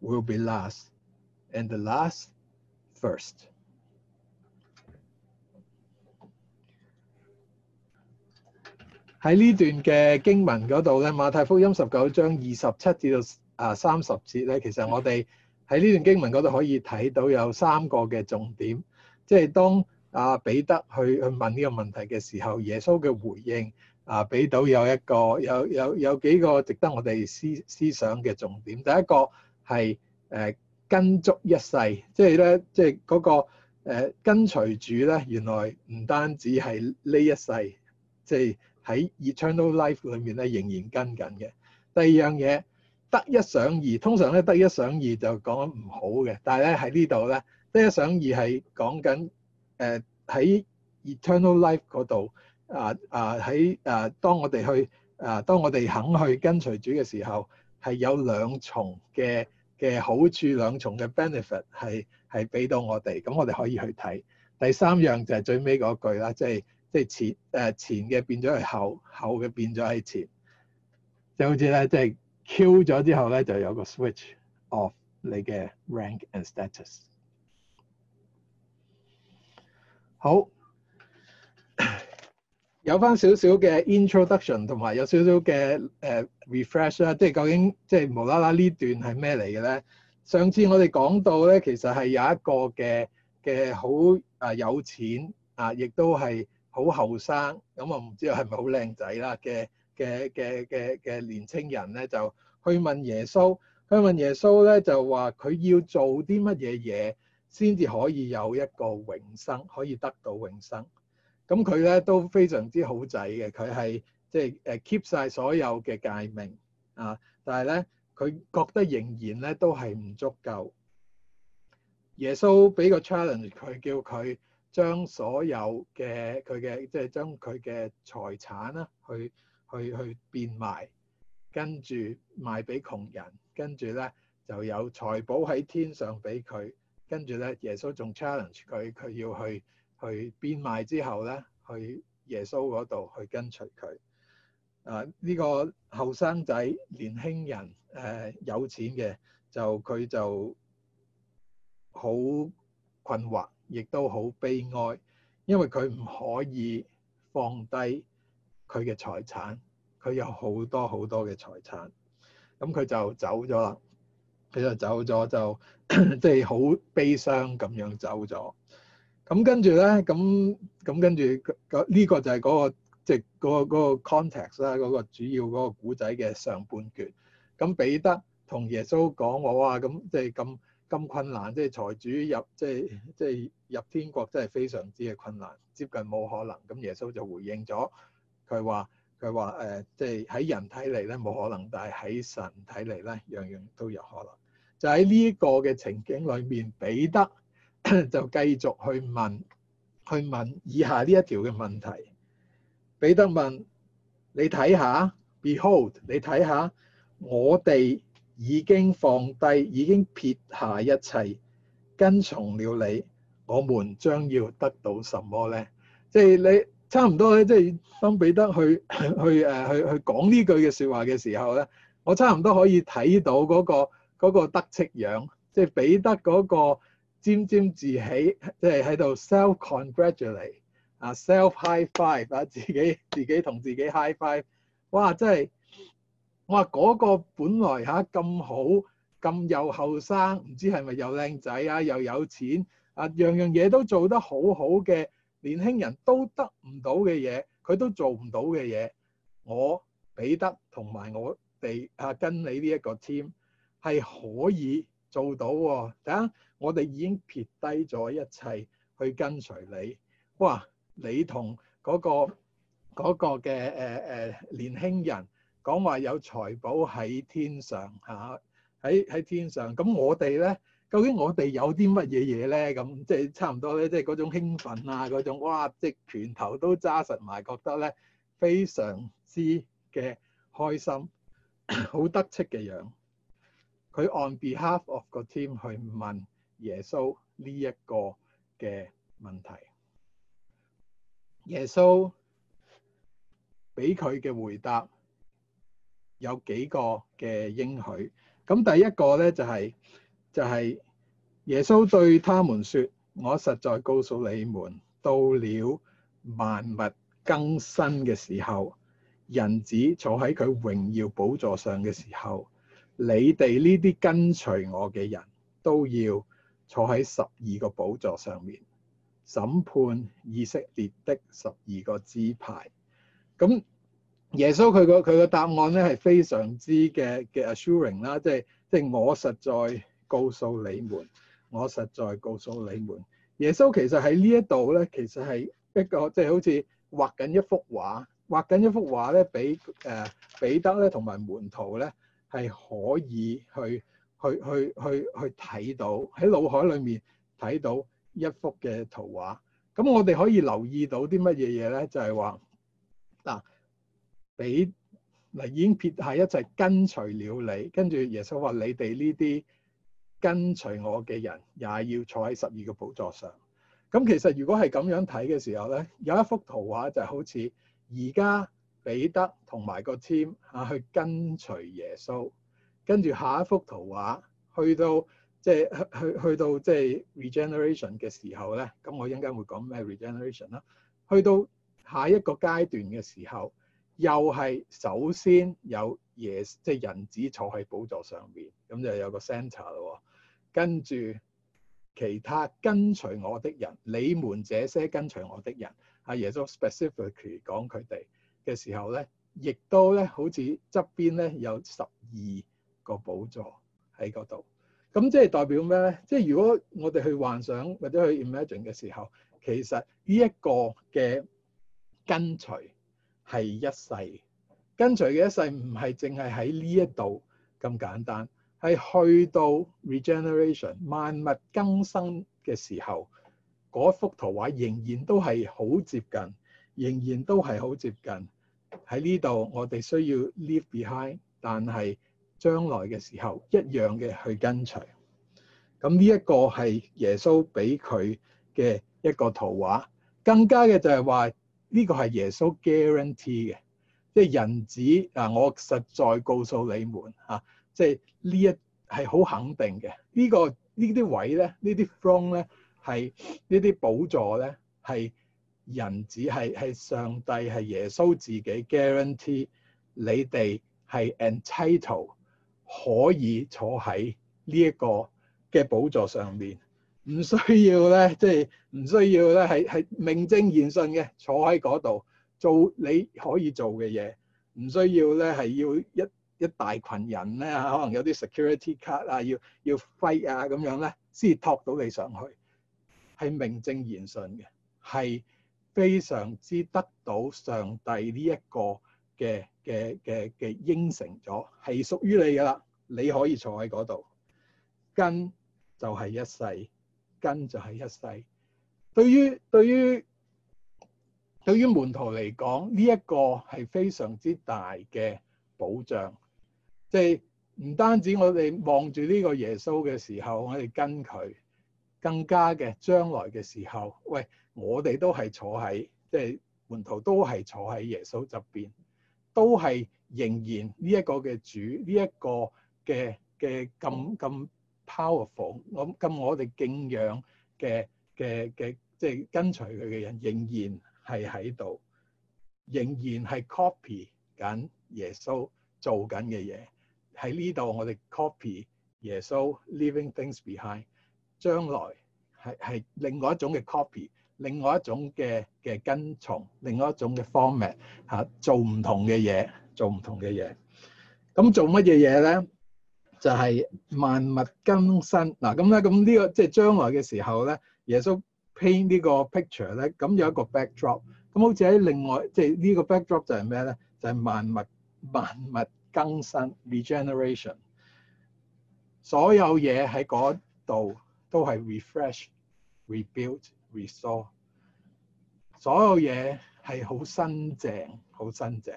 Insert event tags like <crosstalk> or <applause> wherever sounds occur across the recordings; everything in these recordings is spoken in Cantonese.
will be last, and the last first。喺呢段嘅經文嗰度咧，《馬太福音》十九章二十七至到啊三十節咧，其實我哋喺呢段經文嗰度可以睇到有三個嘅重點。即係當阿彼得去去問呢個問題嘅時候，耶穌嘅回應啊，俾到有一個有有有幾個值得我哋思思想嘅重點。第一個。係誒跟足一世，即係咧，即係嗰個誒跟隨主咧，原來唔單止係呢一世，即係喺 Eternal Life 裏面咧仍然跟緊嘅。第二樣嘢得一想二，通常咧得一想二就講緊唔好嘅，但係咧喺呢度咧得一想二係講緊誒喺 Eternal Life 嗰度啊啊喺啊當我哋去啊當我哋肯去跟隨主嘅時候，係有兩重嘅。嘅好處兩重嘅 benefit 係係俾到我哋，咁我哋可以去睇。第三樣就係最尾嗰句啦，即係即係前誒前嘅變咗係後，後嘅變咗係前，就好似咧即係 Q 咗之後咧就有個 switch off 你嘅 rank and status。好。有翻少少嘅 introduction 同埋有少少嘅誒 refresh 啦，即係究竟即係無啦啦呢段係咩嚟嘅咧？上次我哋講到咧，其實係有一個嘅嘅好啊有錢啊，亦都係好後生，咁啊唔知係咪好靚仔啦嘅嘅嘅嘅嘅年青人咧，就去問耶穌，去問耶穌咧就話佢要做啲乜嘢嘢先至可以有一個永生，可以得到永生。咁佢咧都非常之好仔嘅，佢係即係誒 keep 晒所有嘅誡命。啊！但係咧，佢覺得仍然咧都係唔足夠。耶穌俾個 challenge 佢，佢叫佢將所有嘅佢嘅，即係、就是、將佢嘅財產啦，去去去變賣，跟住賣俾窮人，跟住咧就有財寶喺天上俾佢。跟住咧，耶穌仲 challenge 佢，佢要去。去變賣之後咧，去耶穌嗰度去跟隨佢。啊，呢、這個後生仔、年輕人，誒、啊、有錢嘅，就佢就好困惑，亦都好悲哀，因為佢唔可以放低佢嘅財產，佢有好多好多嘅財產。咁佢就走咗啦，佢就走咗，就即係好悲傷咁樣走咗。咁跟住咧，咁咁跟住，個呢個就係嗰個，即係嗰個嗰個 context 啦，嗰個主要嗰個古仔嘅上半段。咁彼得同耶穌講：我哇，咁即係咁咁困難，即係財主入，即係即係入天國，真係非常之嘅困難，接近冇可能。咁耶穌就回應咗，佢話佢話誒，即係喺人睇嚟咧冇可能，但係喺神睇嚟咧，樣樣都有可能。就喺呢一個嘅情景裏面，彼得。就繼續去問，去問以下呢一條嘅問題。彼得問：你睇下，Behold！你睇下，我哋已經放低，已經撇下一切，跟從了你，我們將要得到什麼呢？即係你差唔多咧。即係當彼得去去誒、呃、去、呃、去講呢句嘅説話嘅時候呢，我差唔多可以睇到嗰、嗰個嗰、嗰個得戚樣，即係彼得嗰、嗰個。沾沾自喜，即係喺度 self congratulate 啊，self high five 啊，自己自己同自己 high five。哇！真係，哇嗰個本來嚇咁好咁又後生，唔知係咪又靚仔啊，又有錢啊，樣樣嘢都做得好好嘅年輕人都得唔到嘅嘢，佢都做唔到嘅嘢，我畀得同埋我哋嚇跟你呢一個 team 係可以。做到喎，哦，等我哋已經撇低咗一切去跟隨你。哇！你同嗰、嗰個嘅誒誒年輕人講話有財寶喺天上嚇，喺喺天上。咁、啊、我哋咧，究竟我哋有啲乜嘢嘢咧？咁即係差唔多咧，即係嗰種興奮啊，嗰種哇！即、就、係、係、拳頭都揸實埋，覺得咧非常之嘅開心，好 <coughs> 得戚嘅樣。佢 on behalf of 個 team 去問耶穌呢一個嘅問題，耶穌俾佢嘅回答有幾個嘅應許。咁第一個咧就係就係耶穌對他們說：我實在告訴你們，到了萬物更新嘅時候，人子坐喺佢榮耀寶座上嘅時候。你哋呢啲跟隨我嘅人都要坐喺十二個寶座上面審判以色列的十二個支派。咁耶穌佢個佢個答案咧係非常之嘅嘅 assuring 啦，即係即係我實在告訴你們，我實在告訴你們。耶穌其實喺呢一度咧，其實係一個即係、就是、好似畫緊一幅畫，畫緊一幅畫咧，俾誒彼得咧同埋門徒咧。係可以去去去去去睇到喺腦海裏面睇到一幅嘅圖畫。咁我哋可以留意到啲乜嘢嘢咧？就係話嗱，俾、啊、嗱、啊、已經撇下一切跟隨了你，跟住耶穌話：你哋呢啲跟隨我嘅人，也係要坐喺十二個寶座上。咁其實如果係咁樣睇嘅時候咧，有一幅圖畫就好似而家。彼得同埋個 team 啊，去跟隨耶穌。跟住下一幅圖畫，去到即係去去到即係 regeneration 嘅時候咧。咁我陣間會講咩 regeneration 啦。去到下一個階段嘅時候，又係首先有耶即係人子坐喺寶座上面。咁就有個 centre 咯。跟住其他跟隨我的人，你們這些跟隨我的人，阿耶穌 specifically 講佢哋。嘅時候咧，亦都咧好似側邊咧有十二個寶座喺嗰度。咁即係代表咩咧？即係如果我哋去幻想或者去 imagine 嘅時候，其實呢一個嘅跟隨係一世，跟隨嘅一世唔係淨係喺呢一度咁簡單，係去到 regeneration 萬物更新嘅時候，嗰幅圖畫仍然都係好接近。仍然都係好接近喺呢度，我哋需要 leave behind，但係將來嘅時候一樣嘅去跟隨。咁呢一個係耶穌俾佢嘅一個圖畫，更加嘅就係話呢個係耶穌 guarantee 嘅，即係人子嗱我實在告訴你們嚇、啊，即係呢一係好肯定嘅、這個、呢個呢啲位咧，呢啲 front 咧係呢啲寶座咧係。人只係係上帝係耶穌自己，guarantee 你哋係 entitle 可以坐喺呢一個嘅寶座上面，唔需要咧，即係唔需要咧係係名正言順嘅坐喺嗰度做你可以做嘅嘢，唔需要咧係要一一大群人咧，可能有啲 security card 啊要要揮啊咁樣咧先至托到你上去，係名正言順嘅，係。非常之得到上帝呢一個嘅嘅嘅嘅應承咗，係屬於你㗎啦，你可以坐喺嗰度跟就係一世，跟就係一世。對於對於對於門徒嚟講，呢一個係非常之大嘅保障，即係唔單止我哋望住呢個耶穌嘅時候，我哋跟佢。更加嘅將來嘅時候，喂，我哋都係坐喺即係門徒都係坐喺耶穌側邊，都係仍然呢一個嘅主，呢一個嘅嘅咁咁 powerful，咁咁我哋敬仰嘅嘅嘅即係跟隨佢嘅人，仍然係喺度，仍然係 copy 緊耶穌做緊嘅嘢，喺呢度我哋 copy 耶穌 leaving things behind。將來係係另外一種嘅 copy，另外一種嘅嘅跟從，另外一種嘅 format 吓，做唔同嘅嘢，做唔同嘅嘢。咁做乜嘢嘢咧？就係萬物更新嗱。咁咧，咁呢個即係將來嘅時候咧，耶穌 paint 呢個 picture 咧，咁有一個 backdrop。咁好似喺另外即係呢個 backdrop 就係咩咧？就係萬物萬物更新 regeneration，所有嘢喺嗰度。都係 refresh、rebuild、restore，所有嘢係好新淨、好新淨，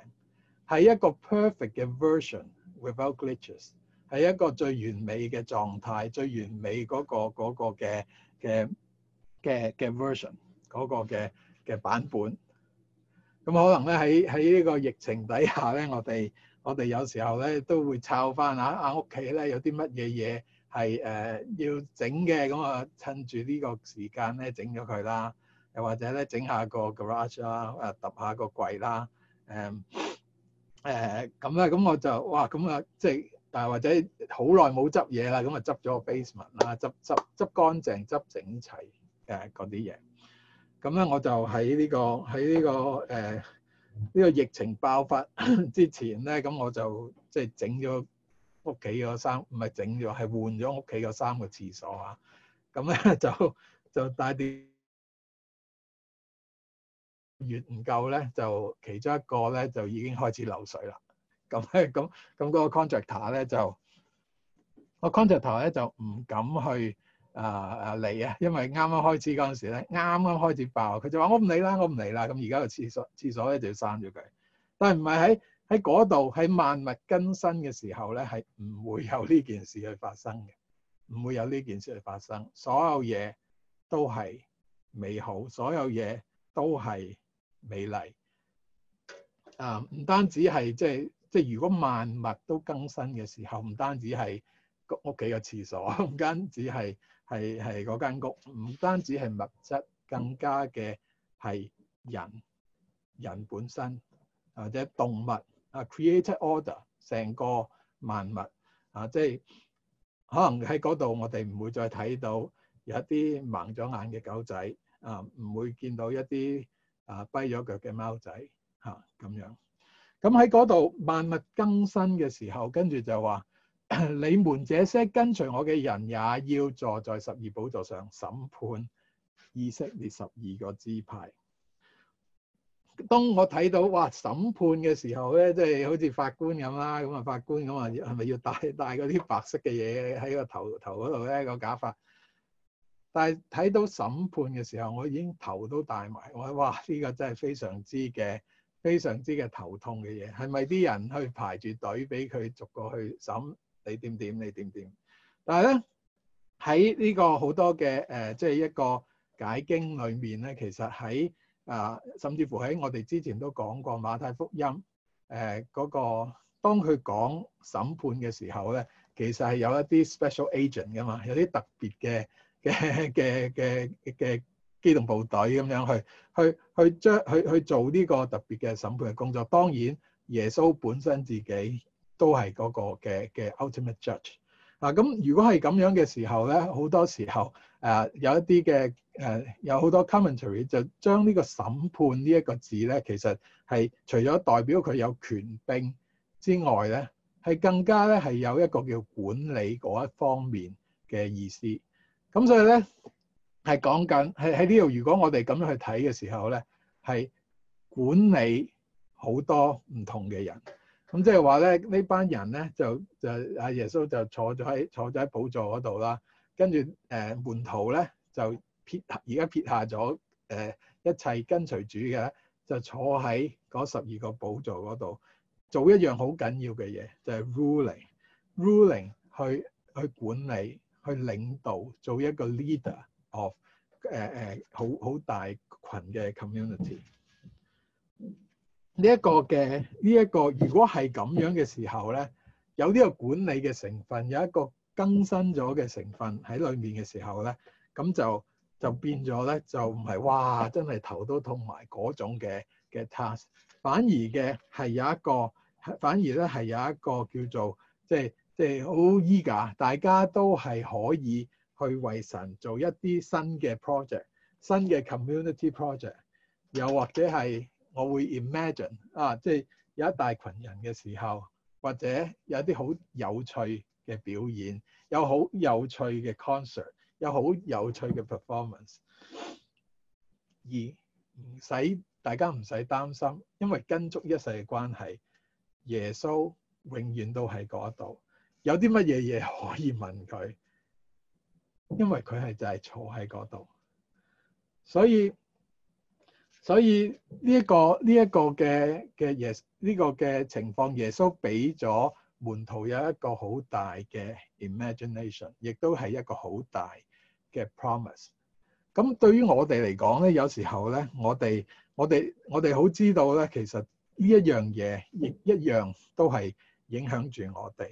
係一個 perfect 嘅 version，without glitches，係一個最完美嘅狀態、最完美嗰個嗰個嘅嘅嘅嘅 version，嗰個嘅嘅版本。咁可能咧喺喺呢個疫情底下咧，我哋我哋有時候咧都會抄翻啊啊屋企咧有啲乜嘢嘢。係誒、呃、要整嘅咁啊，我趁住呢個時間咧整咗佢啦，又或者咧整下個 garage 啦，誒揼下個櫃啦，誒誒咁咧，咁、呃、我就哇咁啊，即係但係或者好耐冇執嘢啦，咁啊執咗個 basement 啦，執執執乾淨執整齊誒嗰啲嘢，咁、呃、咧我就喺呢、這個喺呢、這個誒呢、呃這個疫情爆發之前咧，咁 <laughs> 我就即係整咗。屋企嗰三唔係整咗，係換咗屋企三個廁所啊！咁咧就就帶啲月唔夠咧，就其中一個咧就已經開始漏水啦。咁咧咁咁嗰個 contractor 咧就，個 contractor 咧就唔敢去啊啊理啊，因為啱啱開始嗰陣時咧，啱啱開始爆，佢就話我唔理啦，我唔理啦。咁而家個廁所廁所咧就要閂咗佢。但係唔係喺，喺嗰度，喺萬物更新嘅時候咧，係唔會有呢件事去發生嘅，唔會有呢件事去發生。所有嘢都係美好，所有嘢都係美麗。啊，唔單止係即係即係，如果萬物都更新嘅時候，唔單止係屋企個廁所，唔 <laughs> 單止係係係嗰間屋，唔單止係物質，更加嘅係人，人本身或者動物。啊 creator order，成個萬物啊，即係可能喺嗰度，我哋唔會再睇到有一啲盲咗眼嘅狗仔啊，唔會見到一啲啊跛咗腳嘅貓仔吓咁樣。咁喺嗰度，萬物更新嘅時候，跟住就話：你們這些跟隨我嘅人，也要坐在十二寶座上審判以色列十二個支派。當我睇到哇審判嘅時候咧，即係好似法官咁啦，咁啊法官咁啊，係咪要戴戴嗰啲白色嘅嘢喺個頭頭度咧個假髮？但係睇到審判嘅時候，我已經頭都大埋。我話哇，呢個真係非常之嘅，非常之嘅頭痛嘅嘢。係咪啲人去排住隊俾佢逐個去審？你點點？你點點？但係咧喺呢個好多嘅誒，即係一個解經裡面咧，其實喺。啊，甚至乎喺我哋之前都講過馬太福音，誒嗰個當佢講審判嘅時候咧，其實係有一啲 special agent 噶嘛，有啲特別嘅嘅嘅嘅嘅機動部隊咁樣去去去將去去做呢個特別嘅審判嘅工作。當然耶穌本身自己都係嗰個嘅嘅 ultimate judge。嗱，咁如果係咁樣嘅時候咧，好多時候誒，有一啲嘅誒，有好多 commentary 就將呢個審判呢一個字咧，其實係除咗代表佢有權柄之外咧，係更加咧係有一個叫管理嗰一方面嘅意思。咁所以咧係講緊係喺呢度，如果我哋咁樣去睇嘅時候咧，係管理好多唔同嘅人。咁即係話咧，呢班人咧就就阿耶穌就坐咗喺坐咗喺寶座嗰度啦，跟住誒、呃、門徒咧就撇而家撇下咗誒、呃、一切跟隨主嘅，就坐喺嗰十二個寶座嗰度做一樣好緊要嘅嘢，就係、是、ruling，ruling 去去管理去領導做一個 leader of 誒誒好好大群嘅 community。呢一個嘅呢一個，如果係咁樣嘅時候咧，有呢個管理嘅成分，有一個更新咗嘅成分喺裡面嘅時候咧，咁就就變咗咧，就唔係哇，真係頭都痛埋嗰種嘅嘅 task，反而嘅係有一個，反而咧係有一個叫做即係即係好 easy，大家都係可以去為神做一啲新嘅 pro project，新嘅 community project，又或者係。我會 imagine 啊，即係有一大群人嘅時候，或者有啲好有趣嘅表演，有好有趣嘅 concert，有好有趣嘅 performance，而唔使大家唔使擔心，因為跟足一世嘅關係，耶穌永遠都喺嗰度。有啲乜嘢嘢可以問佢，因為佢係就係坐喺嗰度，所以。所以呢一個呢一個嘅嘅耶呢個嘅情況，耶穌俾咗門徒有一個好大嘅 imagination，亦都係一個好大嘅 promise。咁對於我哋嚟講咧，有時候咧，我哋我哋我哋好知道咧，其實呢一樣嘢亦一樣都係影響住我哋。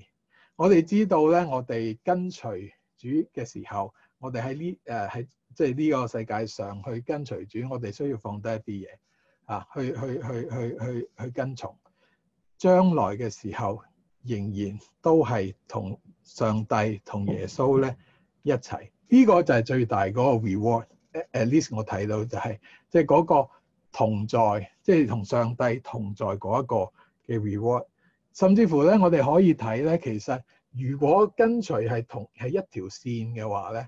我哋知道咧，我哋跟隨主嘅時候。我哋喺呢誒喺即係呢個世界上去跟隨主，我哋需要放低一啲嘢，嚇、啊、去去去去去去跟從。將來嘅時候，仍然都係同上帝同耶穌咧一齊。呢個就係最大嗰個 reward。at least 我睇到就係即係嗰個同在，即係同上帝同在嗰一個嘅 reward。甚至乎咧，我哋可以睇咧，其實如果跟隨係同係一條線嘅話咧。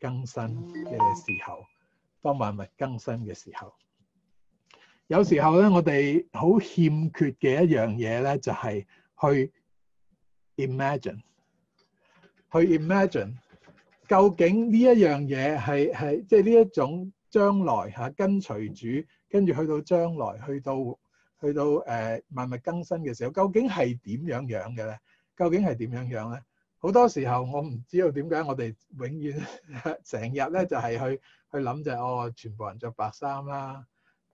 更新嘅時候，當萬物更新嘅時候，有時候咧，我哋好欠缺嘅一樣嘢咧，就係去 imagine，去 imagine 究竟呢一樣嘢係係即係呢一種將來嚇，跟隨主，跟住去到將來，去到去到誒萬物更新嘅時候，究竟係點樣樣嘅咧？究竟係點樣樣咧？好多時候我唔知道點解我哋永遠成日咧就係去去諗就哦，全部人著白衫啦，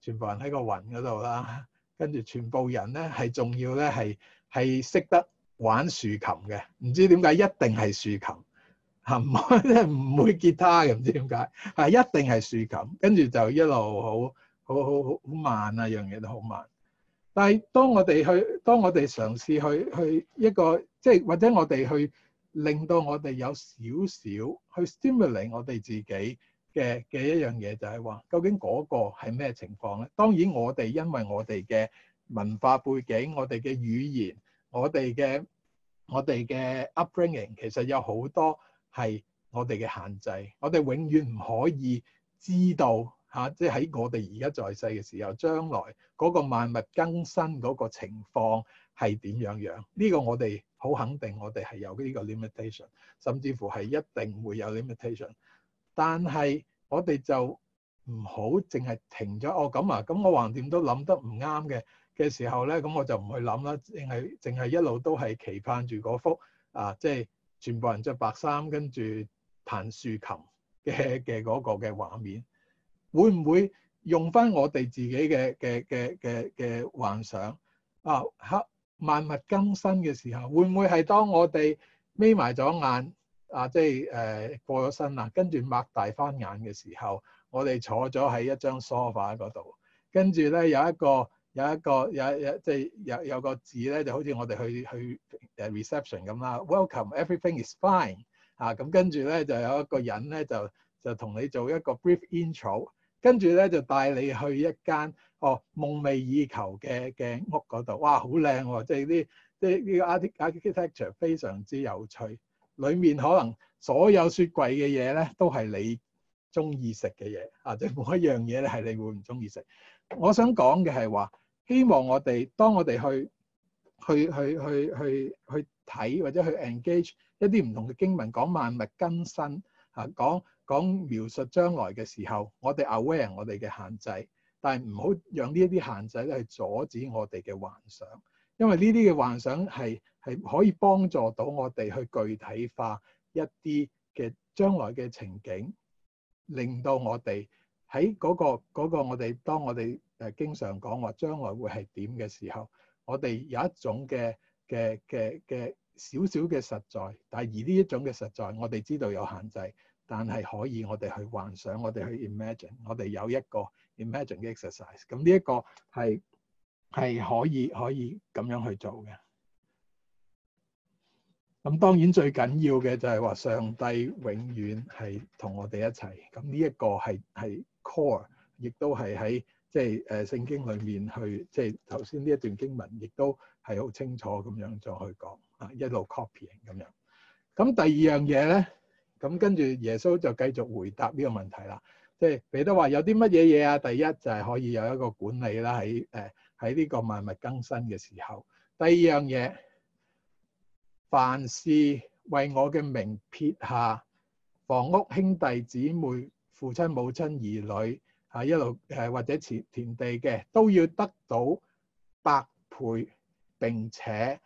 全部人喺個雲嗰度啦，跟住全部人咧係仲要咧係係識得玩豎琴嘅，唔知點解一定係豎琴，嚇唔即係唔會吉他嘅，唔知點解係一定係豎琴，跟住就一路好好好好慢啊，樣嘢都好慢。但係當我哋去，當我哋嘗試去去一個即係或者我哋去。令到我哋有少少去 stimulating 我哋自己嘅嘅一樣嘢，就係話究竟嗰個係咩情況咧？當然我哋因為我哋嘅文化背景、我哋嘅語言、我哋嘅我哋嘅 upbringing，其實有好多係我哋嘅限制。我哋永遠唔可以知道吓，即係喺我哋而家在世嘅時候，將來嗰個萬物更新嗰個情況係點樣樣呢？這個我哋。好肯定，我哋係有呢個 limitation，甚至乎係一定會有 limitation。但係我哋就唔好淨係停咗哦咁啊，咁我橫掂都諗得唔啱嘅嘅時候咧，咁我就唔去諗啦，淨係淨係一路都係期盼住嗰幅啊，即係全部人着白衫跟住彈豎琴嘅嘅嗰個嘅畫面，會唔會用翻我哋自己嘅嘅嘅嘅嘅幻想啊吓？萬物更新嘅時候，會唔會係當我哋眯埋咗眼啊？即係誒、呃、過咗身啦，跟住擘大翻眼嘅時候，我哋坐咗喺一張 sofa 嗰度，跟住咧有一個有一個有一個有即係、就是、有有個字咧，就好似我哋去去誒 reception 咁啦。Welcome, everything is fine 嚇。咁、啊、跟住咧就有一個人咧就就同你做一個 brief intro，跟住咧就帶你去一間。哦，夢寐以求嘅嘅屋嗰度，哇，好靚喎！即係啲即係呢個 artistic architecture 非常之有趣。裡面可能所有雪櫃嘅嘢咧，都係你中意食嘅嘢啊！即係每一樣嘢係你會唔中意食。我想講嘅係話，希望我哋當我哋去去去去去去睇或者去 engage 一啲唔同嘅經文，講萬物更新啊，講講描述將來嘅時候，我哋 aware 我哋嘅限制。但係唔好讓呢一啲限制咧，去阻止我哋嘅幻想，因為呢啲嘅幻想係係可以幫助到我哋去具體化一啲嘅將來嘅情景，令到我哋喺嗰個嗰個我哋當我哋誒經常講話將來會係點嘅時候，我哋有一種嘅嘅嘅嘅少少嘅實在，但係而呢一種嘅實在，我哋知道有限制，但係可以我哋去幻想，我哋去 imagine，我哋有一個。Imagine exercise，the 咁呢一個係係可以可以咁樣去做嘅。咁當然最緊要嘅就係話上帝永遠係同我哋一齊，咁呢一個係係 core，亦都係喺即係誒聖經裏面去即係頭先呢一段經文，亦都係好清楚咁樣再去講啊一路 copying 咁樣。咁第二樣嘢咧，咁跟住耶穌就繼續回答呢個問題啦。即係彼得話：有啲乜嘢嘢啊？第一就係，是，可以有一個管理啦，喺誒喺呢個萬物更新嘅時候。第二樣嘢，凡事為我嘅名撇下房屋、兄弟姊妹、姊妹、父親母親、兒女嚇一路誒，或者前田地嘅，都要得到百倍，並且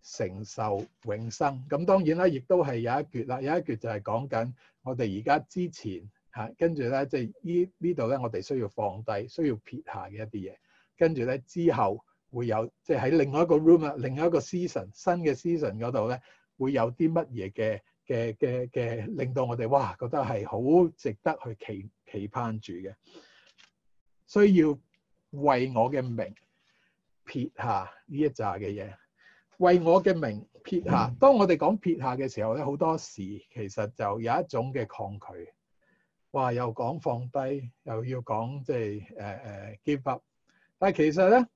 承受永生。咁當然啦，亦都係有一橛啦，有一橛就係講緊我哋而家之前。啊、跟住咧，即係依呢度咧，我哋需要放低，需要撇下嘅一啲嘢。跟住咧，之後會有，即係喺另外一個 room 啊，另外一個 season，新嘅 season 嗰度咧，會有啲乜嘢嘅嘅嘅嘅，令到我哋哇覺得係好值得去期期盼住嘅。需要為我嘅名撇下呢一紮嘅嘢，為我嘅名撇下。當我哋講撇下嘅時候咧，好多時其實就有一種嘅抗拒。話又講放低，又要講即係誒誒 give up。但係其實咧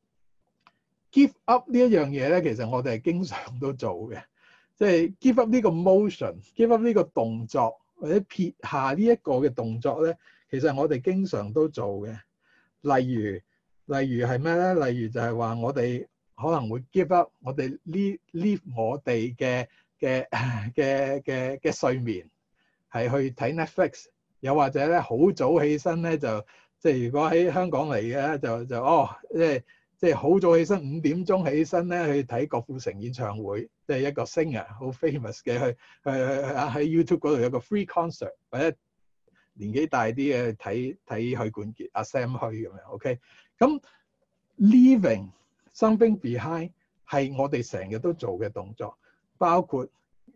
，give up 呢一樣嘢咧，其實我哋係經常都做嘅，即係 give up 呢個 motion，give up 呢個動作，或者撇下呢一個嘅動作咧，其實我哋經常都做嘅。例如，例如係咩咧？例如就係話我哋可能會 give up 我哋呢呢我哋嘅嘅嘅嘅嘅睡眠，係去睇 Netflix。又或者咧，好早起身咧，就即係如果喺香港嚟嘅，就就哦，即係即係好早起身，五點鐘起身咧去睇郭富城演唱會，即係一個 singer，好 famous 嘅去去去喺 YouTube 度有一個 free concert，或者年紀大啲嘅睇睇許冠傑阿 Sam 去咁樣，OK。咁 leaving something behind 係我哋成日都做嘅動作，包括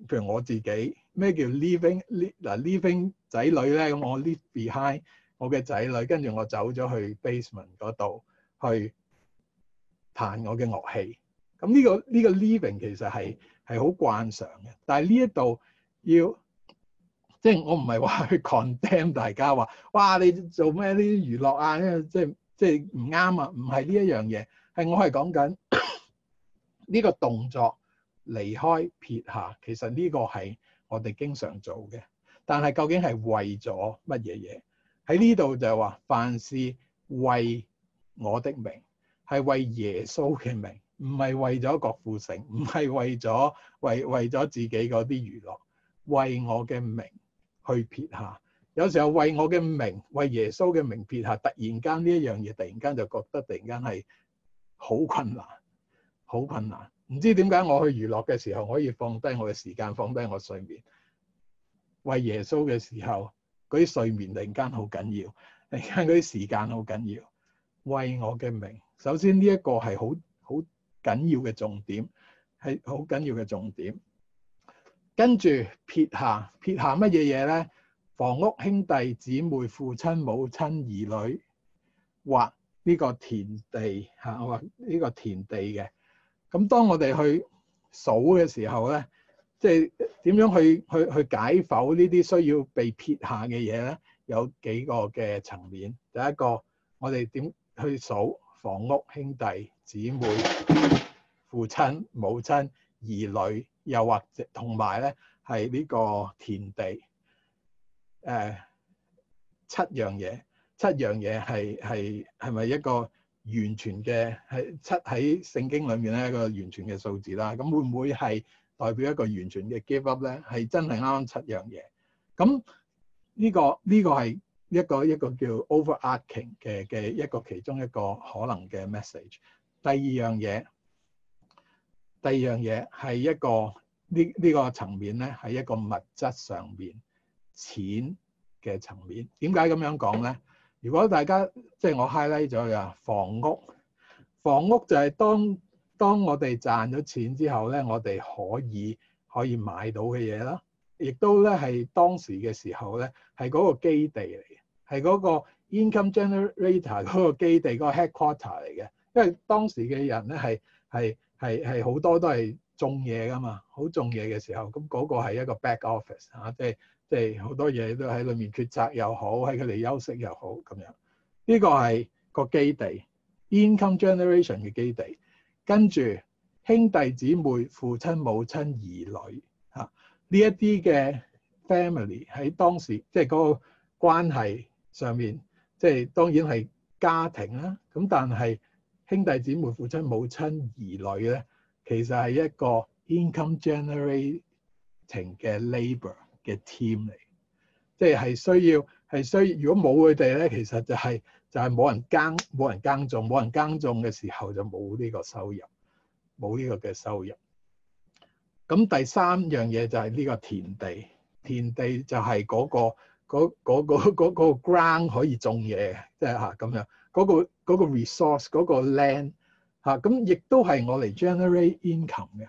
譬如我自己。咩叫 leaving？嗱，leaving 仔女咧，咁我 leave behind 我嘅仔女，跟住我走咗去 basement 嗰度去彈我嘅樂器。咁呢個呢個 leaving 其實係係好慣常嘅。但係呢一度要，即係我唔係話去 condemn 大家話哇，你做咩呢啲娛樂啊？即係即係唔啱啊！唔係呢一樣嘢，係我係講緊呢個動作離開撇下，其實呢個係我哋經常做嘅，但係究竟係為咗乜嘢嘢？喺呢度就話，凡事為我的名，係為耶穌嘅名，唔係為咗郭富城，唔係為咗為為咗自己嗰啲娛樂，為我嘅名去撇下。有時候為我嘅名，為耶穌嘅名撇下，突然間呢一樣嘢，突然間就覺得，突然間係好困難，好困難。唔知點解我去娛樂嘅時候可以放低我嘅時間，放低我睡眠，為耶穌嘅時候嗰啲睡眠突然間好緊要，突然間嗰啲時間好緊要。為我嘅命，首先呢一個係好好緊要嘅重點，係好緊要嘅重點。跟住撇下撇下乜嘢嘢咧？房屋兄弟姊妹、父親母親、兒女，或呢個田地嚇，我話呢個田地嘅。咁當我哋去數嘅時候咧，即係點樣去去去解剖呢啲需要被撇下嘅嘢咧？有幾個嘅層面。第一個，我哋點去數房屋、兄弟、姊妹、父親、母親、兒女，又或者同埋咧係呢個田地。誒、呃，七樣嘢，七樣嘢係係係咪一個？完全嘅喺七喺聖經裏面咧，一個完全嘅數字啦，咁會唔會係代表一個完全嘅 give up 咧？係真係啱啱七樣嘢。咁呢個呢個係一個一個叫 overarching 嘅嘅一個其中一個可能嘅 message。第二樣嘢，第二樣嘢係一個呢呢個層面咧係一個物質上面錢嘅層面。點解咁樣講咧？如果大家即係、就係、我 highlight 咗嘅房屋，房屋就係當當我哋賺咗錢之後咧，我哋可以可以買到嘅嘢啦。亦都咧係當時嘅時候咧，係嗰個基地嚟嘅，係嗰個 income generator 嗰個基地、嗰、嗰個 headquarter 嚟嘅。因為當時嘅人咧係係係係好多都係種嘢噶嘛，好種嘢嘅時候，咁嗰個係一個 back office 嚇、啊，即、就、係、係。好多嘢都喺裏面決策又好，喺佢哋休息又好咁樣。呢個係個基地，income generation 嘅基地。跟住兄弟姊妹、父親母親、兒女嚇呢一啲嘅 family 喺當時即係嗰個關係上面，即係當然係家庭啦。咁但係兄弟姊妹、父親母親、兒女咧，其實係一個 income generation 嘅 labour。嘅 team 嚟，即係係需要係需要，如果冇佢哋咧，其實就係就係冇人耕，冇人耕種，冇人耕種嘅時候就冇呢個收入，冇呢個嘅收入。咁第三樣嘢就係呢個田地，田地就係嗰個嗰嗰嗰嗰嗰 ground 可以種嘢，即係嚇咁樣嗰個嗰個 resource 嗰個 land 嚇，咁亦都係我嚟 generate income 嘅。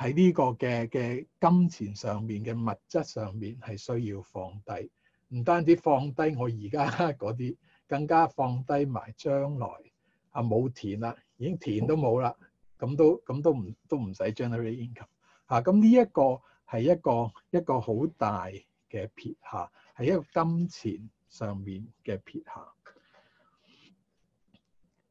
喺呢個嘅嘅金錢上面嘅物質上面係需要放低，唔單止放低我而家嗰啲，更加放低埋將來嚇冇、啊、田啦，已經填都冇啦，咁都咁都唔都唔使 generate income 嚇，咁、啊、呢一個係一個一個好大嘅撇下，係一個金錢上面嘅撇下，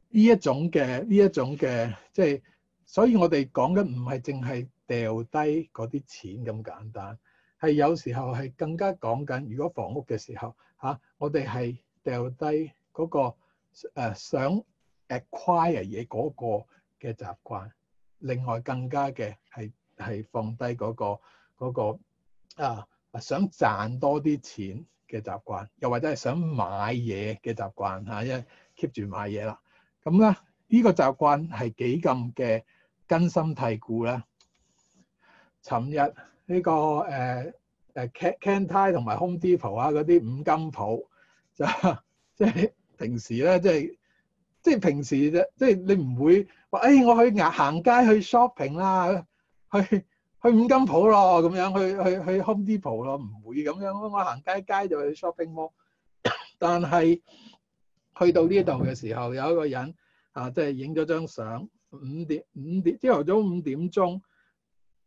呢一種嘅呢一種嘅即係，所以我哋講緊唔係淨係。掉低嗰啲錢咁簡單，係有時候係更加講緊。如果房屋嘅時候嚇、啊，我哋係掉低嗰個、呃、想 acquire 嘢嗰個嘅習慣。另外更加嘅係係放低嗰、嗰個、嗰個、啊想賺多啲錢嘅習慣，又或者係想買嘢嘅習慣嚇，因為 keep 住買嘢啦。咁咧呢、呢個習慣係幾咁嘅根深蒂固咧？尋日呢個誒誒 Canadian Tire 同埋 home depot 啊嗰啲五金鋪就即係 <laughs> 平時咧，即係即係平時啫，即係你唔會話誒，我去行行街去 shopping 啦，去去五金鋪咯，咁樣去去去 home depot 咯，唔會咁樣。我行街街就去 shopping mall， <laughs> 但係去到呢度嘅時候，有一個人啊，即係影咗張相五點五點朝頭早五點鐘。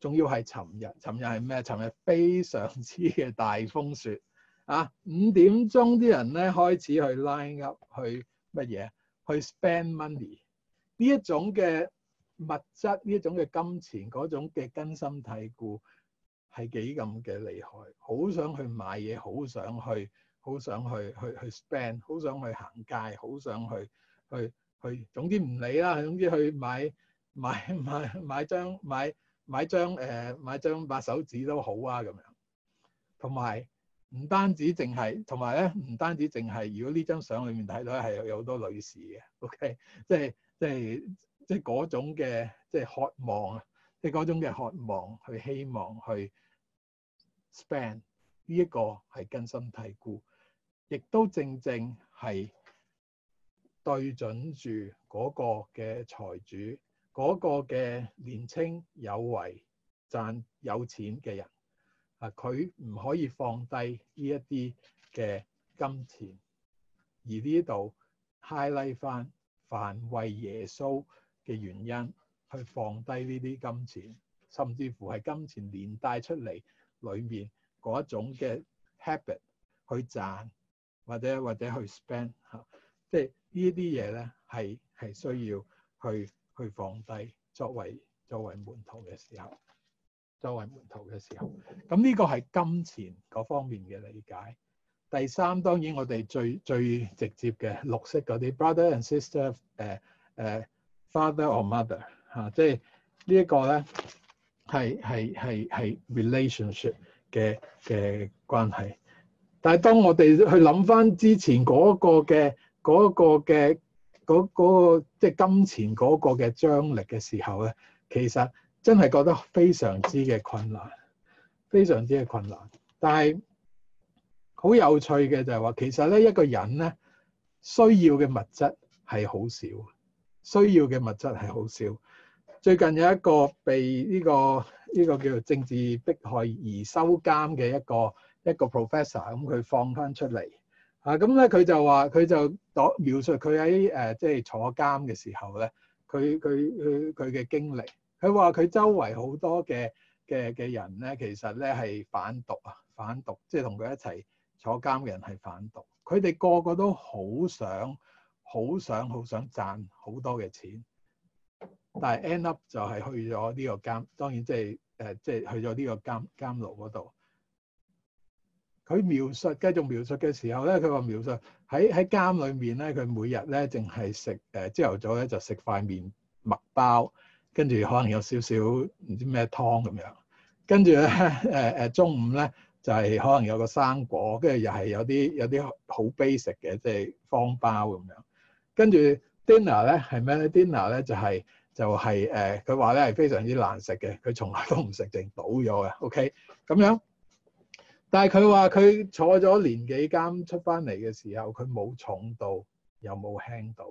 仲要係尋日，尋日係咩？尋日非常之嘅大風雪啊！五點鐘啲人咧開始去 line up，去乜嘢？去 spend money。呢一種嘅物質，呢一種嘅金錢，嗰種嘅根深蒂固係幾咁嘅厲害。好想去買嘢，好想去，好想去，去去 spend，好想去行街，好想去，去去。總之唔理啦，總之去買買買買張買。買張，誒，買張八手指都好啊，咁樣，同埋唔單止淨係，同埋咧唔單止淨係。如果呢張相裏面睇到係有好多女士嘅，OK，即係即係即係嗰種嘅即係渴望啊，即係嗰種嘅渴望去希望去 spend 呢一個係根深蒂固，亦都正正係對準住嗰個嘅財主。嗰個嘅年青有為、賺有錢嘅人，啊，佢唔可以放低呢一啲嘅金錢，而呢度 highlight 返，凡為耶穌嘅原因去放低呢啲金錢，甚至乎係金錢連帶出嚟裏面嗰一種嘅 habit 去賺或者或者去 spend 吓、啊，即係呢啲嘢咧係係需要去，去放低，作為作為門徒嘅時候，作為門徒嘅時候，咁呢個係金錢嗰方面嘅理解。第三，當然我哋最最直接嘅綠色嗰啲 brother and sister，誒、uh, 誒、uh, father or mother 嚇、啊，即係呢一個咧係係係係 relationship 嘅嘅關係。但係當我哋去諗翻之前嗰個嘅嗰、嗰個嘅。嗰、嗰個即係金錢嗰個嘅張力嘅時候咧，其實真係覺得非常之嘅困難，非常之嘅困難。但係好有趣嘅就係話，其實咧一個人咧需要嘅物質係好少，需要嘅物質係好少。最近有一個被呢、呢個呢、呢個叫做政治迫害而收監嘅一個一個 professor，咁佢放翻出嚟。啊，咁咧佢就話，佢就講描述佢喺誒即係坐監嘅時候咧，佢佢佢佢嘅經歷。佢話佢周圍好多嘅嘅嘅人咧，其實咧係販毒啊，販毒，即係同佢一齊坐監嘅人係販毒。佢哋個個都好想，好想，好想賺好多嘅錢，但係 end up 就係去咗呢個監，當然即係誒即係去咗呢個監監牢嗰度。佢描述，繼續描述嘅時候咧，佢話描述喺喺監裏面咧，佢每日咧淨係食誒朝頭早咧就食塊麵麥包，跟住可能有少少唔知咩湯咁樣，跟住咧誒誒中午咧就係可能有個生果，跟住又係有啲有啲好 basic 嘅，即係方包咁樣，跟住 dinner 咧係咩咧？dinner 咧就係就係誒，佢話咧係非常之難食嘅，佢從來都唔食，淨倒咗嘅。OK，咁樣。但係佢話佢坐咗年幾監出翻嚟嘅時候，佢冇重到，又冇輕到。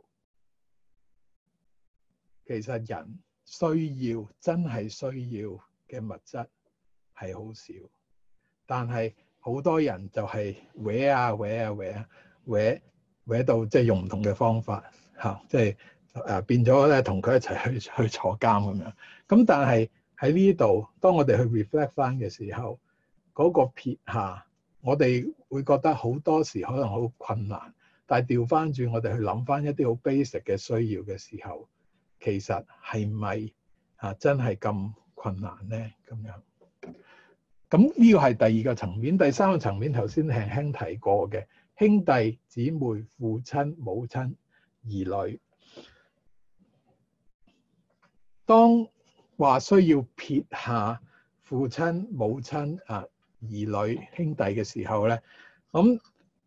其實人需要真係需要嘅物質係好少，但係好多人就係搲啊搲啊搲啊搲搲到即係用唔同嘅方法嚇、啊，即係誒變咗咧同佢一齊去去坐監咁樣。咁但係喺呢度，當我哋去 reflect 翻嘅時候。嗰個撇下，我哋會覺得好多時可能好困難，但係調翻轉，我哋去諗翻一啲好 basic 嘅需要嘅時候，其實係咪啊真係咁困難呢？咁樣，咁呢個係第二個層面，第三個層面頭先輕輕提過嘅兄弟姊妹、父親、母親、兒女，當話需要撇下父親、母親啊，兒女兄弟嘅時候咧，咁、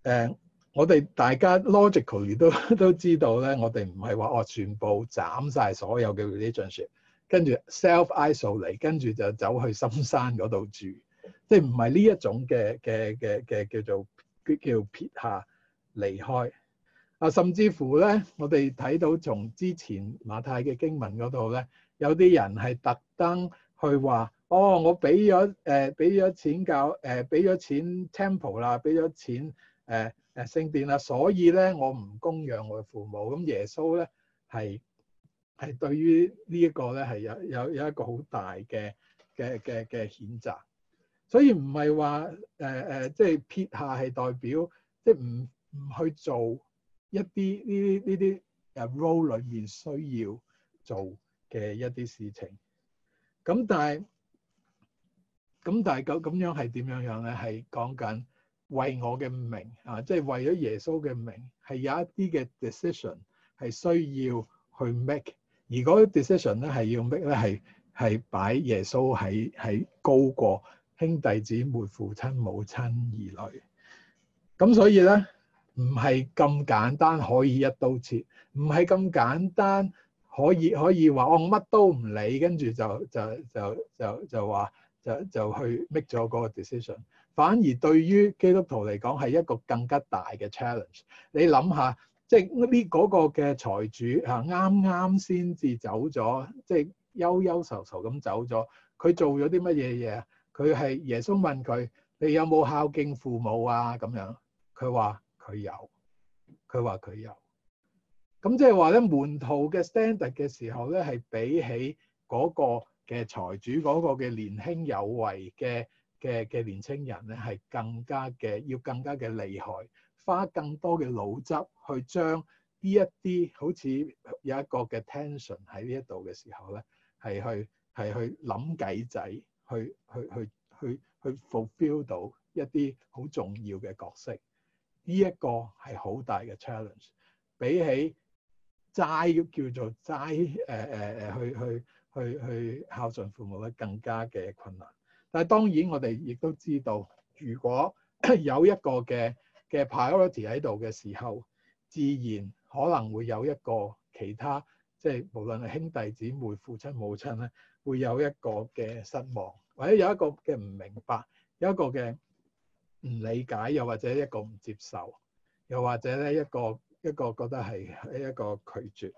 嗯、誒、呃，我哋大家 logically 都都知道咧，我哋唔係話我全部斬晒所有嘅 relationship，ate, 跟住 self isolate，跟住就走去深山嗰度住，即係唔係呢一種嘅嘅嘅嘅叫做叫撇下離開。啊，甚至乎咧，我哋睇到從之前馬太嘅經文嗰度咧，有啲人係特登去話。哦，我俾咗誒俾咗錢教誒俾咗錢 temple 啦，俾咗錢誒誒聖殿啦，所以咧我唔供養我嘅父母。咁、嗯、耶穌咧係係對於呢一個咧係有有有一個好大嘅嘅嘅嘅譴責。所以唔係話誒誒，即係撇下係代表即係唔唔去做一啲呢啲呢啲誒 role 裏面需要做嘅一啲事情。咁但係。咁但係咁咁樣係點樣樣咧？係講緊為我嘅名啊，即係為咗耶穌嘅名，係有一啲嘅 decision 係需要去 make。而嗰個 decision 咧係要 make 咧，係係擺耶穌喺喺高過兄弟姊妹、父親母親、兒女。咁所以咧唔係咁簡單可以一刀切，唔係咁簡單可以可以話我乜都唔理，跟住就就就就就話。就就去 make 咗嗰個 decision，反而對於基督徒嚟講係一個更加大嘅 challenge。你諗下，即係呢嗰個嘅財主嚇啱啱先至走咗，即係憂憂愁愁咁走咗。佢做咗啲乜嘢嘢啊？佢係耶穌問佢：你有冇孝敬父母啊？咁樣佢話佢有，佢話佢有。咁即係話咧，門徒嘅 standard 嘅時候咧，係比起嗰個。嘅財主嗰個嘅年輕有為嘅嘅嘅年青人咧，係更加嘅要更加嘅厲害，花更多嘅腦汁去將呢一啲好似有一個嘅 tension 喺呢一度嘅時候咧，係去係去諗計仔，去去去去去去去 fulfill 到一啲好重要嘅角色，呢一個係好大嘅 challenge。比起齋叫做齋誒誒誒去去。去去去去孝順父母咧，更加嘅困難，但係當然我哋亦都知道，如果有一個嘅嘅 priority 喺度嘅時候，自然可能會有一個其他，即係無論係兄弟姊妹、父親母親咧，會有一個嘅失望，或者有一個嘅唔明白，有一個嘅唔理解，又或者一個唔接受，又或者咧一個一個覺得係一個拒絕，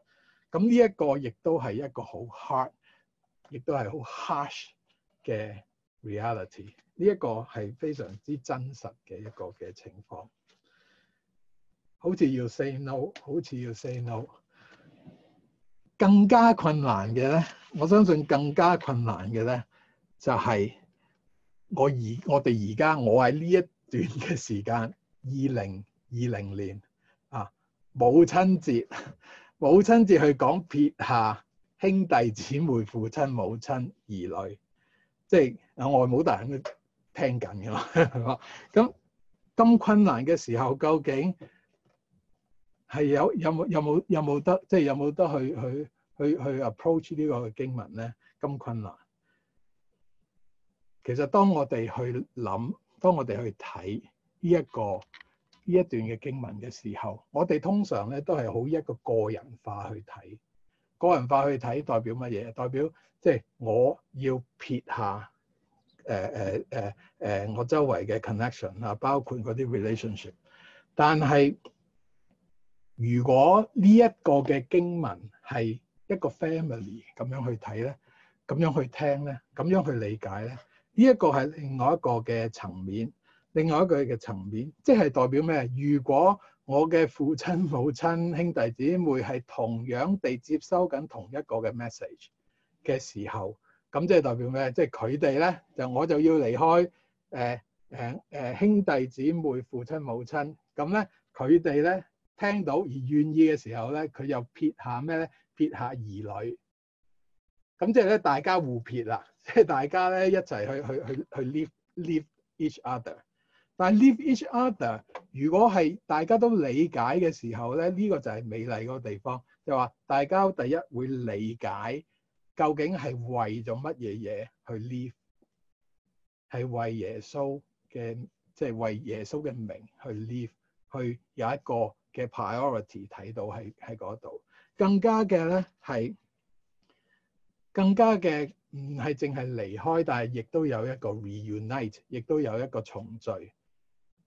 咁呢一個亦都係一個好 hard。亦都係好 harsh 嘅 reality，呢一個係非常之真實嘅一個嘅情況。好似要 say no，好似要 say no。更加困難嘅咧，我相信更加困難嘅咧，就係我而我哋而家我喺呢一段嘅時間，二零二零年啊母親節，母親節去講撇下。兄弟姊妹、父親母親、兒女，即係外母大人都聽緊㗎嘛。咁 <laughs> 咁困難嘅時候，究竟係有有冇有冇有冇得，即係有冇得去去去去 approach 呢個經文咧？咁困難，其實當我哋去諗，當我哋去睇呢一個呢一段嘅經文嘅時候，我哋通常咧都係好一個個人化去睇。個人化去睇代表乜嘢？代表即係我要撇下誒誒誒誒我周圍嘅 connection 啊，包括嗰啲 relationship。但係如果呢一個嘅經文係一個 family，咁樣去睇咧，咁樣去聽咧，咁樣去理解咧，呢一個係另外一個嘅層面，另外一個嘅層面，即係代表咩？如果我嘅父親、母親、兄弟姊妹係同樣地接收緊同一個嘅 message 嘅時候，咁即係代表咩？即係佢哋咧就我就要離開誒誒誒兄弟姊妹、父親母親，咁咧佢哋咧聽到而願意嘅時候咧，佢又撇下咩咧？撇下兒女，咁即係咧大家互撇啦，即係大家咧一齊去去去去 leave leave each other。但係 leave each other，如果係大家都理解嘅時候咧，呢、這個就係美麗嗰個地方，就話、是、大家第一會理解究竟係為咗乜嘢嘢去 leave，係為耶穌嘅，即、就、係、是、為耶穌嘅名去 leave，去有一個嘅 priority 睇到喺喺嗰度，更加嘅咧係更加嘅唔係淨係離開，但係亦都有一個 reunite，亦都有一個重聚。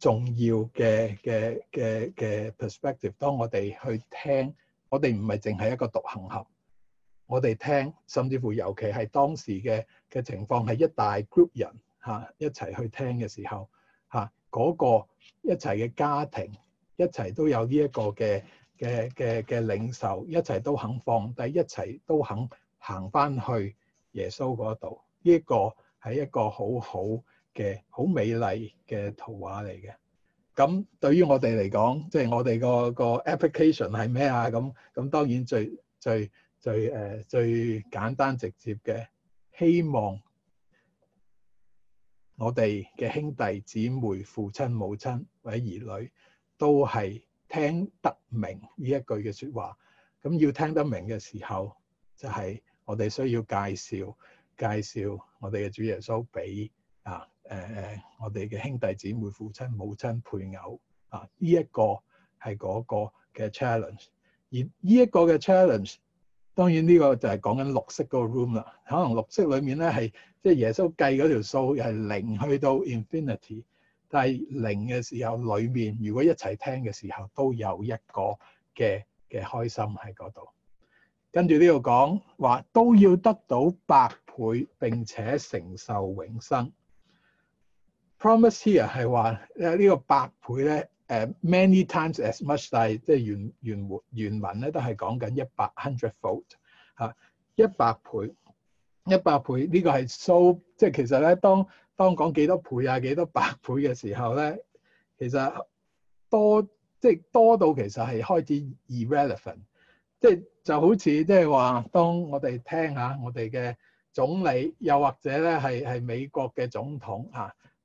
重要嘅嘅嘅嘅 perspective。當我哋去聽，我哋唔係淨係一個獨行俠，我哋聽，甚至乎尤其係當時嘅嘅情況係一大 group 人吓，一齊去聽嘅時候吓，嗰個一齊嘅家庭一齊都有呢一個嘅嘅嘅嘅領袖，一齊都肯放低，一齊都肯行翻去耶穌嗰度，呢一個係一個好好。嘅好美麗嘅圖畫嚟嘅，咁對於我哋嚟講，即係我哋個個 application 係咩啊？咁咁當然最最最誒最簡單直接嘅，希望我哋嘅兄弟姊妹、父親母親或者兒女都係聽得明呢一句嘅説話。咁要聽得明嘅時候，就係我哋需要介紹介紹我哋嘅主耶穌俾啊～誒誒、呃，我哋嘅兄弟姊妹、父親、母親、配偶啊，呢、這、一個係嗰個嘅 challenge。而呢一個嘅 challenge，當然呢個就係講緊綠色嗰個 room 啦。可能綠色裡面咧係即係耶穌計嗰條數係零去到 infinity，但係零嘅時候，裡面如果一齊聽嘅時候，都有一個嘅嘅開心喺嗰度。跟住呢度講話都要得到百倍並且承受永生。Promise here 係話呢個百倍咧，誒、uh, many times as much，但係即係原原文原文咧都係講緊一百 hundred fold 嚇一百倍，一百倍呢、呢個係 so 即係其實咧，當當講幾多倍啊、幾多百倍嘅時候咧，其實多即係多到其實係開始 irrelevant，即係就好似即係話，當我哋聽下我哋嘅總理，又或者咧係係美國嘅總統嚇。啊。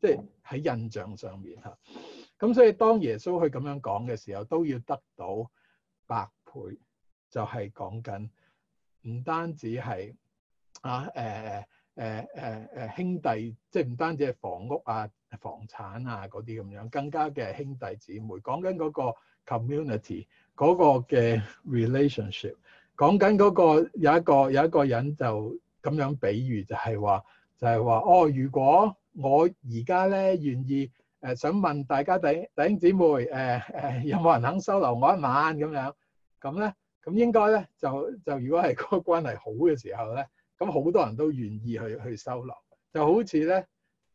即係喺印象上面吓，咁所以當耶穌佢咁樣講嘅時候，都要得到百倍。就係講緊唔單止係啊誒誒誒誒誒兄弟，即係唔單止係房屋啊、房產啊嗰啲咁樣，更加嘅兄弟姊妹，講緊嗰個 community 嗰個嘅 relationship，講緊嗰個有一個有一個人就咁樣比喻，就係話就係話哦，如果我而家咧願意誒，想問大家弟弟兄姊妹誒誒有冇人肯收留我一晚咁樣？咁咧咁應該咧就就如果係嗰個關係好嘅時候咧，咁好多人都願意去去收留。就好似咧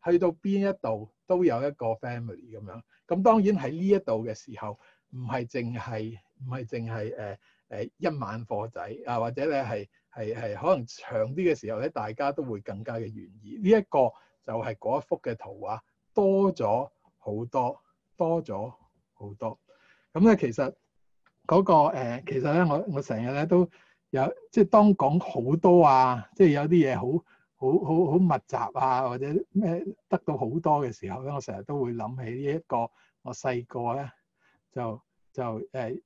去到邊一度都有一個 family 咁樣。咁當然喺呢一度嘅時候，唔係淨係唔係淨係誒誒一晚貨仔啊，或者咧係係係可能長啲嘅時候咧，大家都會更加嘅願意呢一個。就係嗰一幅嘅圖畫多咗好多，多咗好多。咁、嗯、咧其實嗰、那個、呃、其實咧我我成日咧都有，即係當講好多啊，即係有啲嘢好好好好密集啊，或者咩得到好多嘅時候咧，我成日都會諗起、這個、呢一個我細個咧就就誒誒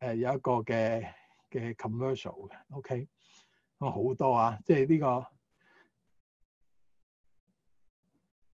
誒有一個嘅嘅 commercial 嘅，OK 我好多啊，即係呢、這個。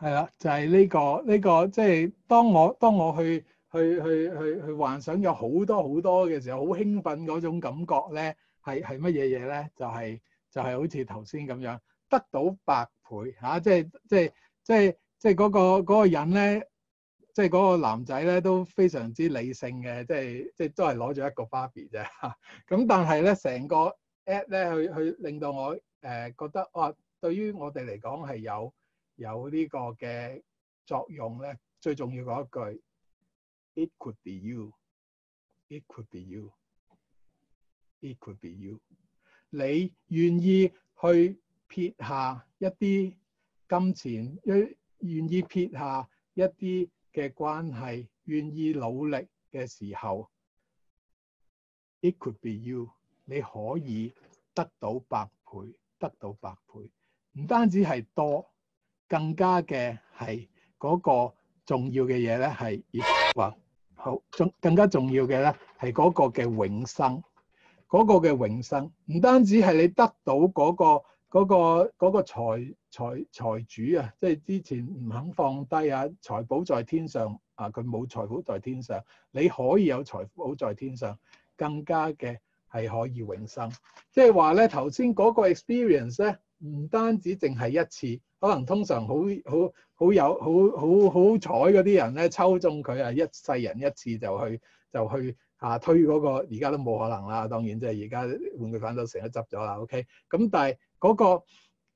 係啦，就係呢個呢個，即係當我當我去去去去去幻想有好多好多嘅時候，好興奮嗰種感覺咧，係係乜嘢嘢咧？就係就係好似頭先咁樣得到百倍吓，即係即係即係即係嗰個嗰個人咧，即係嗰個男仔咧都非常之理性嘅，即係即係都係攞咗一個芭比啫。咁但係咧，成個 app 咧去去令到我。誒，覺得哇、哦，對於我哋嚟講係有有呢個嘅作用咧。最重要嗰句，It could be you，It could be you，It could be you。你願意去撇下一啲金錢，一願意撇下一啲嘅關係，願意努力嘅時候，It could be you，你可以得到百倍。得到百倍，唔單止係多，更加嘅係嗰個重要嘅嘢咧，係以話好，更更加重要嘅咧係嗰個嘅永生，嗰個嘅永生，唔單止係你得到嗰個嗰個嗰個財財財主啊，即係之前唔肯放低啊，財寶在天上啊，佢冇財寶在天上，你可以有財寶在天上，更加嘅。係可以永生，即係話咧，頭先嗰個 experience 咧，唔單止淨係一次，可能通常好好好有好好好彩嗰啲人咧，抽中佢啊，一世人一次就去就去吓、啊、推嗰、嗰個，而家都冇可能啦，當然即係而家玩具反斗城都執咗啦，OK，咁但係嗰、嗰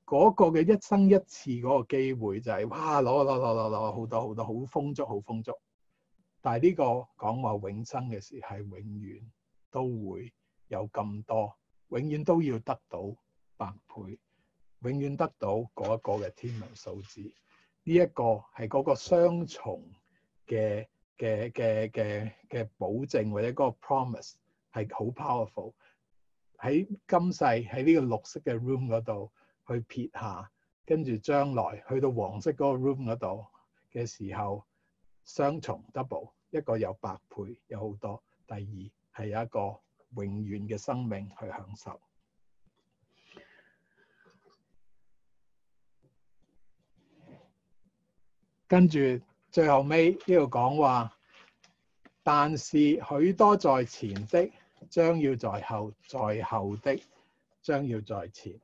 個、嗰個嘅一生一次嗰個機會就係、係、哇，攞攞攞攞好多好多好豐足好豐足，但係呢、呢個講話永生嘅事係永遠都會。有咁多，永遠都要得到百倍，永遠得到嗰一個嘅天文數字。呢一個係嗰個雙重嘅嘅嘅嘅嘅保證，或者嗰個 promise 係好 powerful。喺今世喺呢個綠色嘅 room 嗰度去撇下，跟住將來去到黃色嗰個 room 嗰度嘅時候，雙重 double，一個有百倍，有好多。第二係有一個。永遠嘅生命去享受。跟住最後尾呢度講話，但是許多在前的將要在後，在後的將要在前。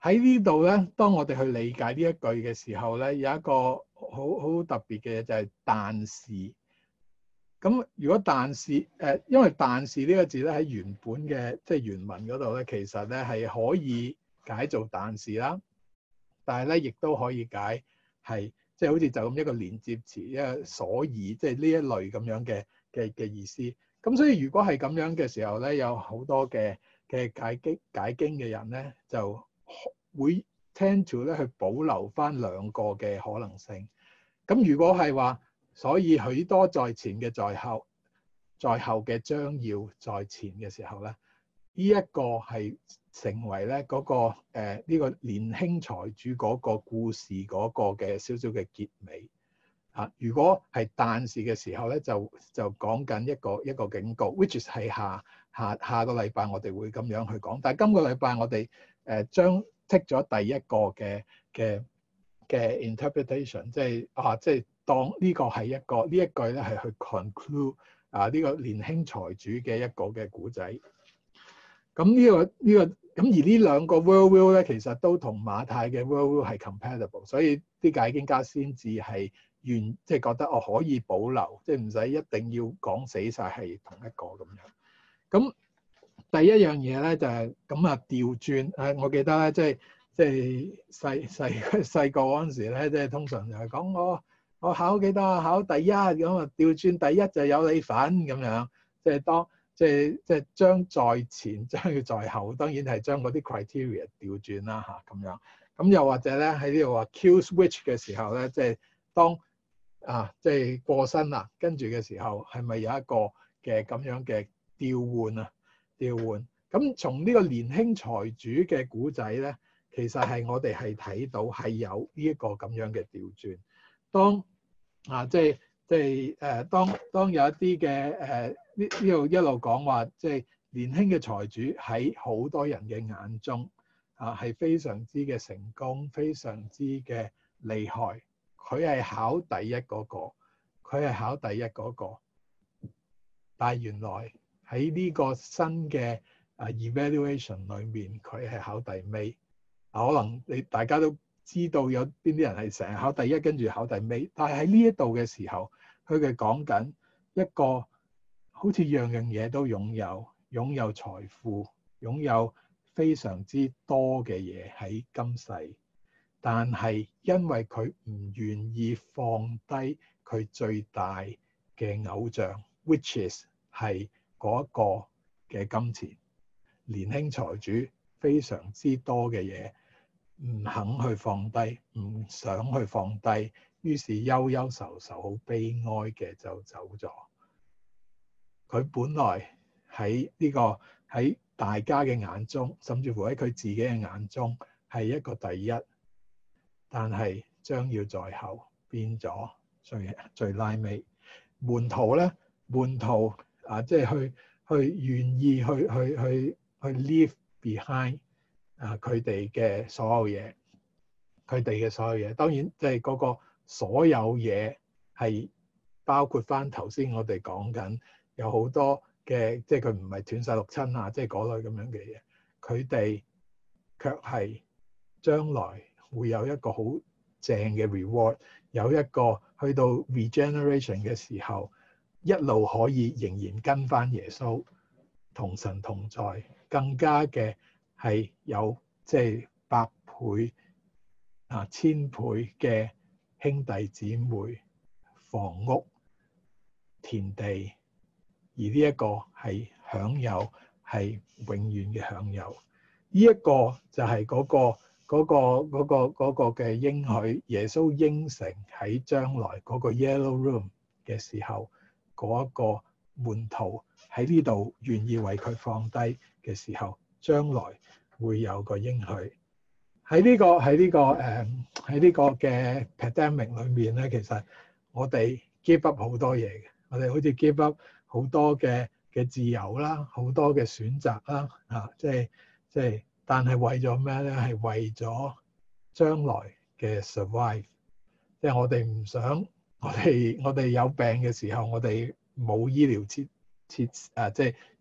喺呢度咧，當我哋去理解呢一句嘅時候咧，有一個好好特別嘅嘢，就係、是、但是。咁如果但是誒、呃，因為但是呢個字咧喺原本嘅即係原文嗰度咧，其實咧係可以解做但是啦，但係咧亦都可以解係即係好似就咁一個連接詞，因為所以即係呢一類咁樣嘅嘅嘅意思。咁所以如果係咁樣嘅時候咧，有好多嘅嘅解，解經解經嘅人咧，就會 tend to 咧去保留返兩個嘅可能性。咁如果係話，所以許多在前嘅在後，在後嘅將要在前嘅時候咧，呢、這、一個係成為咧、那、嗰個呢、呃這個年輕財主嗰個故事嗰個嘅少少嘅結尾。嚇、啊！如果係但是嘅時候咧，就就講緊一個一個警告，which 係下下下個禮拜我哋會咁樣去講。但係今個禮拜我哋誒、呃、將 take 咗第一個嘅嘅嘅 interpretation，即係啊，即係。當呢個係一個呢一句咧，係去 conclude 啊呢個年輕財主嘅一個嘅故仔。咁呢個呢個咁而呢兩個 worldview 咧，其實都同馬太嘅 worldview 係 compatible，所以啲解經家先至係願即係覺得我可以保留，即係唔使一定要講死晒係同一個咁樣。咁第一樣嘢咧就係咁啊，調轉啊！我記得咧，即係即係細細細個嗰陣時咧，即係通常就係講我。我考幾多啊？考第一咁啊，調轉第一就有你份咁樣，即係當即係即係將在前將佢在後，當然係將嗰啲 criteria 調轉啦嚇咁樣。咁又或者咧喺呢度話 Q switch 嘅時候咧，即係當啊即係過身啦，跟住嘅時候係咪有一個嘅咁樣嘅調換啊？調換咁從呢個年輕財主嘅古仔咧，其實係我哋係睇到係有呢一個咁樣嘅調轉，當。啊！即係即係誒，當當有一啲嘅誒呢呢度一路講話，即係年輕嘅財主喺好多人嘅眼中啊，係非常之嘅成功，非常之嘅厲害。佢係考第一嗰個，佢係考第一嗰個。但係原來喺呢個新嘅啊 evaluation 裏面，佢係考第尾。嗱，可能你大家都～知道有邊啲人係成日考第一，跟住考第尾。但係喺呢一度嘅時候，佢嘅講緊一個好似樣樣嘢都擁有，擁有財富，擁有非常之多嘅嘢喺今世。但係因為佢唔願意放低佢最大嘅偶像，which is 係嗰個嘅金錢，年輕財主非常之多嘅嘢。唔肯去放低，唔想去放低，於是憂憂愁愁，好悲哀嘅就走咗。佢本來喺呢個喺大家嘅眼中，甚至乎喺佢自己嘅眼中係一個第一，但係將要在後變咗最最拉尾。門徒咧，門徒啊，即係去去願意去去去去 leave behind。啊！佢哋嘅所有嘢，佢哋嘅所有嘢，當然即係嗰個所有嘢係包括翻頭先我哋講緊有好多嘅，即係佢唔係斷晒六親啊，即係嗰類咁樣嘅嘢。佢哋卻係將來會有一個好正嘅 reward，有一個去到 regeneration 嘅時候，一路可以仍然跟翻耶穌同神同在，更加嘅，係有即係百倍啊千倍嘅兄弟姊妹房屋田地，而呢一個係享有係永遠嘅享有。呢一個就係嗰個嗰個嗰個嗰個嘅應許，耶穌應承喺將來嗰個 Yellow Room 嘅時候，嗰一個門徒喺呢度願意為佢放低嘅時候，將來會有個應許，喺呢個喺呢個誒喺呢個嘅 pandemic 裏面咧，其實我哋 give up 好多嘢嘅，我哋好似 give up 好多嘅嘅自由啦，好多嘅選擇啦，啊，即係即係，但係為咗咩咧？係為咗將來嘅 survive，即係我哋唔想我哋我哋有病嘅時候，我哋冇醫療設設誒，即係。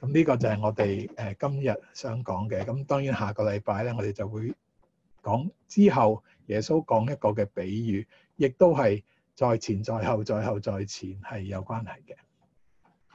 咁呢個就係我哋誒今日想講嘅。咁當然下個禮拜咧，我哋就會講之後耶穌講一個嘅比喻，亦都係在前在後在後在前係有關係嘅。